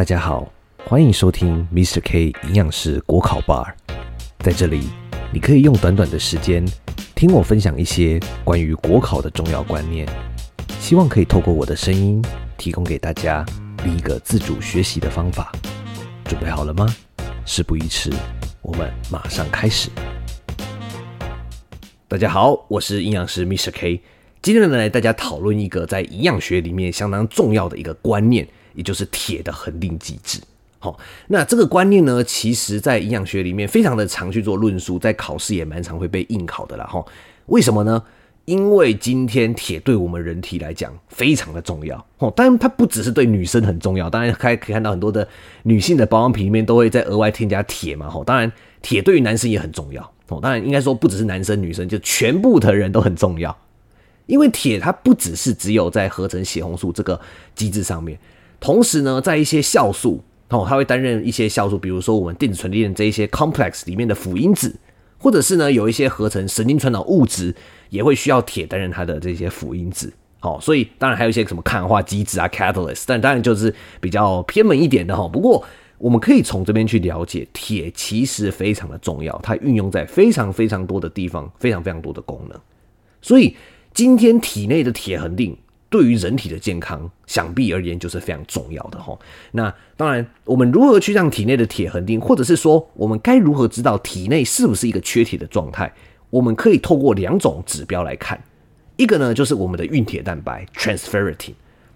大家好，歡迎收聽 Mr. K 營養師國考 Bar，在這裡你可以用短短的時間聽我分享一些關於國考的重要觀念，希望可以透過我的聲音提供給大家一個自主學習的方法。準備好了嗎？事不宜遲，我們馬上開始。大家好，我是營養師 Mr. K，今天呢來，來大家討論一個在營養學裡面相當重要的一個觀念。也就是鐵的恆定機制，好，那這個觀念呢，其實在營養學裡面非常的常去做論述，在考試也蠻常會被硬考的啦。為什麼呢？因為今天鐵對我們人體來講非常的重要，當然它不只是對女生很重要，當然可可以看到很多的女性的保養品裡面都會再額外添加鐵嘛，當然鐵對於男生也很重要，哦，當然應該說不只是男生女生，就全部的人都很重要，因為鐵它不只是只有在合成血紅素這個機制上面。同時呢，在一些酵素哦，它會擔任一些酵素，比如說我們電子傳遞鏈這一些 complex 裡面的輔因子，或者是呢有一些合成神經傳導物質也會需要鐵擔任它的這些輔因子。好、哦，所以當然還有一些什麼抗氧化機制啊 catalyst，但當然就是比較偏門一點的哈、哦。不過我們可以從這邊去了解，鐵其實非常的重要，它運用在非常非常多的地方，非常非常多的功能。所以今天體內的鐵恆定，對於人體的健康，想必而言就是非常重要的哈。那當然，我們如何去讓體內的鐵恆定，或者是說我們該如何知道體內是不是一個缺鐵的狀態？我們可以透過兩種指標來看，一個呢就是我們的運鐵蛋白 （transferritin），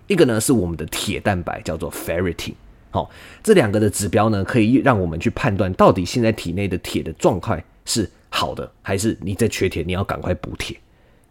一個呢是我們的鐵蛋白叫做 ferritin。好，這兩個的指標呢，可以讓我們去判斷到底現在體內的鐵的狀態是好的，還是你在缺鐵，你要趕快補鐵。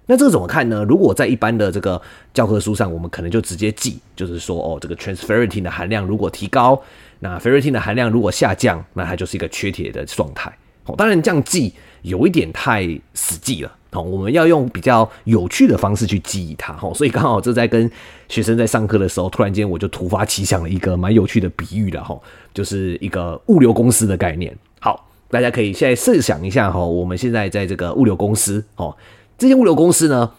那這個怎麼看呢？如果在一般的這個教科書上，我們可能就直接記，就是說哦，這個 transferrin 的含量如果提高，那 ferritin 的含量如果下降，那它就是一個缺鐵的狀態。哦，當然這樣記有一點太死記了。哦，我們要用比較有趣的方式去記憶它。哦，所以剛好這在跟學生在上課的時候，突然間我就突發奇想了一個蠻有趣的比喻了。哈，哦，就是一個物流公司的概念。好，大家可以現在設想一下哈，哦，我們現在在這個物流公司。哦。這些物流公司呢，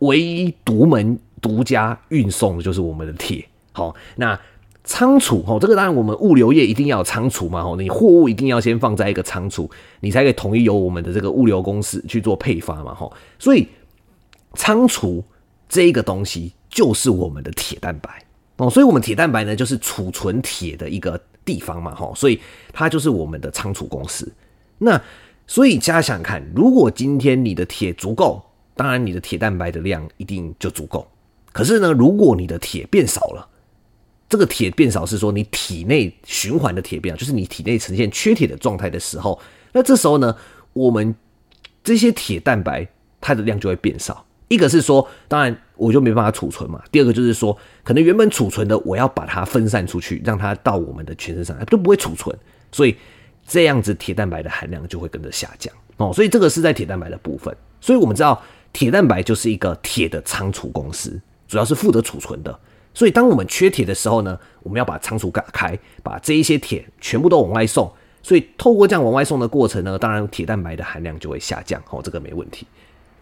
唯一獨門獨家運送的就是我們的鐵。好，那倉儲哈，這個當然我們物流業一定要有倉儲嘛哈，你貨物一定要先放在一個倉儲，你才可以統一由我們的這個物流公司去做配發嘛哈。所以倉儲這個東西就是我們的鐵蛋白哦，所以我們鐵蛋白呢就是儲存鐵的一個地方嘛哈，所以它就是我們的倉儲公司。那所以大家想看，如果今天你的鐵足夠，當然你的鐵蛋白的量一定就足夠。可是呢，如果你的鐵變少了，這個鐵變少是說你體內循環的鐵變少，就是你體內呈現缺鐵的狀態的時候。那這時候呢，我們這些鐵蛋白它的量就會變少。一個是說，當然我就沒辦法儲存嘛。第二個就是說，可能原本儲存的我要把它分散出去，讓它到我們的全身上它都不會儲存，所以。這樣子鐵蛋白的含量就會跟着下降哦，所以這個是在鐵蛋白的部分。所以我們知道，鐵蛋白就是一個鐵的倉儲公司，主要是負責儲存的。所以當我們缺鐵的時候呢，我們要把倉儲打開，把這一些鐵全部都往外送。所以透過這樣往外送的過程呢，當然鐵蛋白的含量就會下降哦，這個沒問題。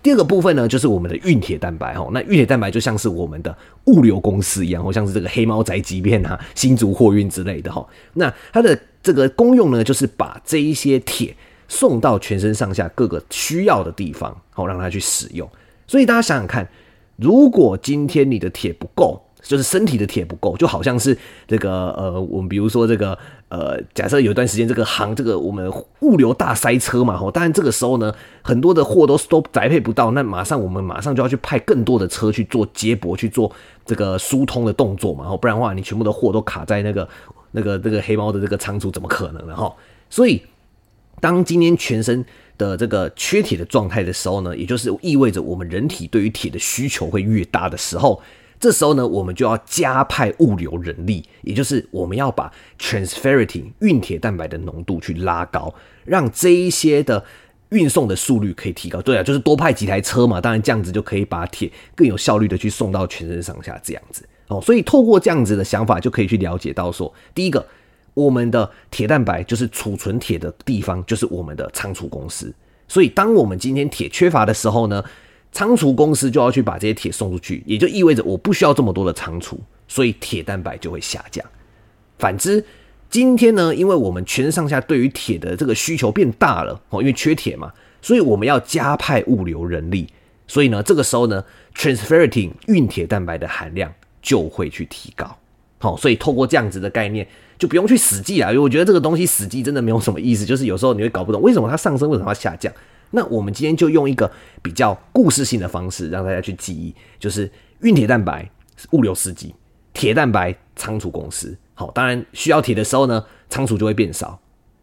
第二個部分呢，就是我們的運鐵蛋白哈。那運鐵蛋白就像是我們的物流公司一樣，好像是這個黑貓宅急便啊、新竹貨運之類的哈。那它的這個功用呢，就是把這一些鐵送到全身上下各個需要的地方，哦，讓它去使用。所以大家想想看，如果今天你的鐵不夠。就是身體的鐵不夠，就好像是這個呃，我們比如說這個呃，假設有一段時間這個行這個我們物流大塞車嘛哈，當然這個時候呢，很多的貨都都宅配不到，那馬上我們馬上就要去派更多的車去做接駁、去做這個疏通的動作嘛，不然的話你全部的貨都卡在那個那個那個黑貓的這個倉儲，怎麼可能的哈？所以當今天全身的這個缺鐵的狀態的時候呢，也就是意味着我們人體對於鐵的需求會越大的時候。這時候呢，我們就要加派物流人力，也就是我們要把 transferrin 運鐵蛋白的濃度去拉高，讓這一些的運送的速率可以提高。對啊，就是多派幾台車嘛，當然這樣子就可以把鐵更有效率的去送到全身上下這樣子哦。所以透過這樣子的想法，就可以去了解到說，第一個，我們的鐵蛋白就是儲存鐵的地方，就是我們的倉儲公司。所以，當我們今天鐵缺乏的時候呢，倉儲公司就要去把這些鐵送出去，也就意味着我不需要這麼多的倉儲，所以鐵蛋白就會下降。反之，今天呢，因為我們全上下對於鐵的這個需求變大了，因為缺鐵嘛，所以我們要加派物流人力。所以呢，這個時候呢，Transferrin 運鐵蛋白的含量就會去提高。好，所以透過這樣子的概念，就不用去死記啊，因為我覺得這個東西死記真的沒有什麼意思，就是有時候你會搞不懂為什麼它上升，為什麼它下降。那我們今天就用一個比較故事性的方式，讓大家去記憶，就是運鐵蛋白是物流司機，鐵蛋白倉儲公司。好、哦，當然需要鐵的時候呢，倉儲就會變少，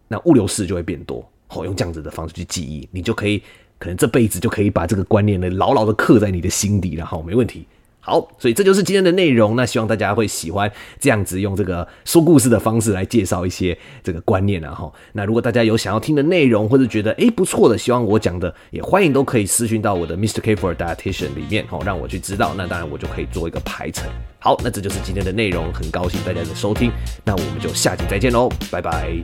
那物流式就會變多。好、哦，用這樣子的方式去記憶，你就可以可能這輩子就可以把這個觀念呢牢牢的刻在你的心底了。好、哦，沒問題。好，所以這就是今天的內容。那希望大家會喜歡這樣子用這個說故事的方式來介紹一些這個觀念啊，然後那如果大家有想要聽的內容，或者覺得誒不錯的，希望我講的，也歡迎都可以私訊到我的 Mr. K for Dietitian 裡面，好讓我去知道。那當然我就可以做一個排程。好，那這就是今天的內容，很高興大家的收聽。那我們就下集再見嘍，拜拜。